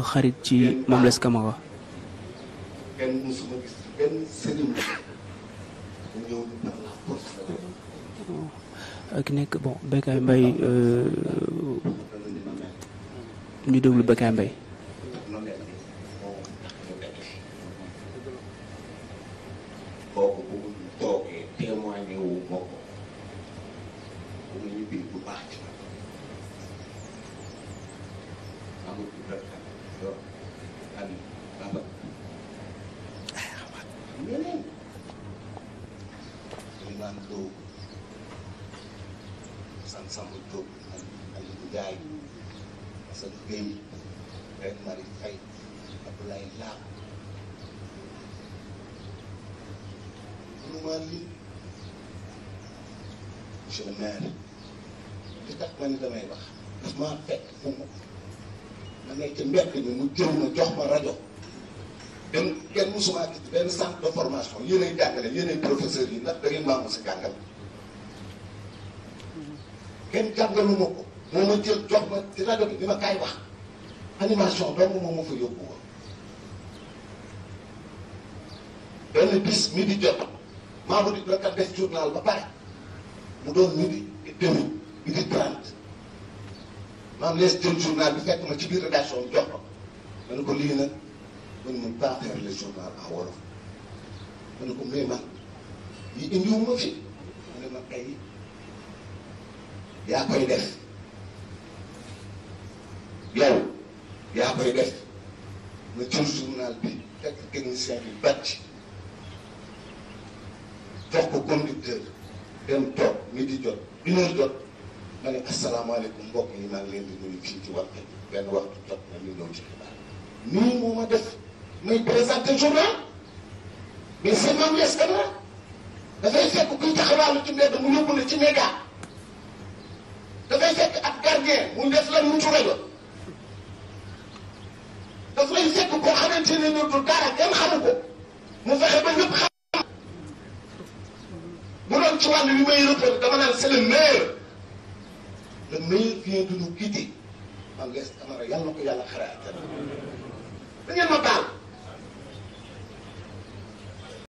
xarit ci Mame Less Camara san Diop san Samba Diop ak Aliou Ndiaye Assane Gueye Rek Mari Faye Abdoulaye Lam mënuma lim monsieur le maire li tax ma ni damay wax daf maa fekk fu ma ma nekk mbedd mi mu jël ma jox ma rajo kenn kenn musuma gis benn centre de formation yéen ay jàngale yéen yi ndax da ngeen maa mos a jàngal kenn jàngalu ma ko moo ma jël jox ma ci rajo bi bi ma kaay wax animation dong moom ma fa yóbbu woon benn bis midi jot maa ko di la kat journal ba pare mu doon midi demi midi trente maam lees jël journal bi fekk ma ci biir rédaction bi ko ma ko lii nag mën mu pas faire le journal en wolof ma ne ko mais man yi indiwuma fi mu ne ma kay yaa koy def yow yaa koy def ma jël journal bi fekk bi bàcc jox ko conducteur dem toog midi jot une jot ma ne asalaamaaleykum mbokk yi maa ngi leen di nuyu fii ci waxtu benn waxtu jot na ñu ñëw xibaar nii moo ma def muy présenté journal mais c'est Mame Less Camara dafay fekk kuy taxawaalu ci mbedd ci média dafay fekk ab gardien mu def la mutu rajo dafay fekk koo xamante ne nii du dara kenn xamu ko mu fexe ba ñëpp xam. bu doon ci wàllu yu may rëppal dama naan c'est le meilleur le meilleur vient de nous quitter Mame Less Camara yàlla na ko yàlla xaree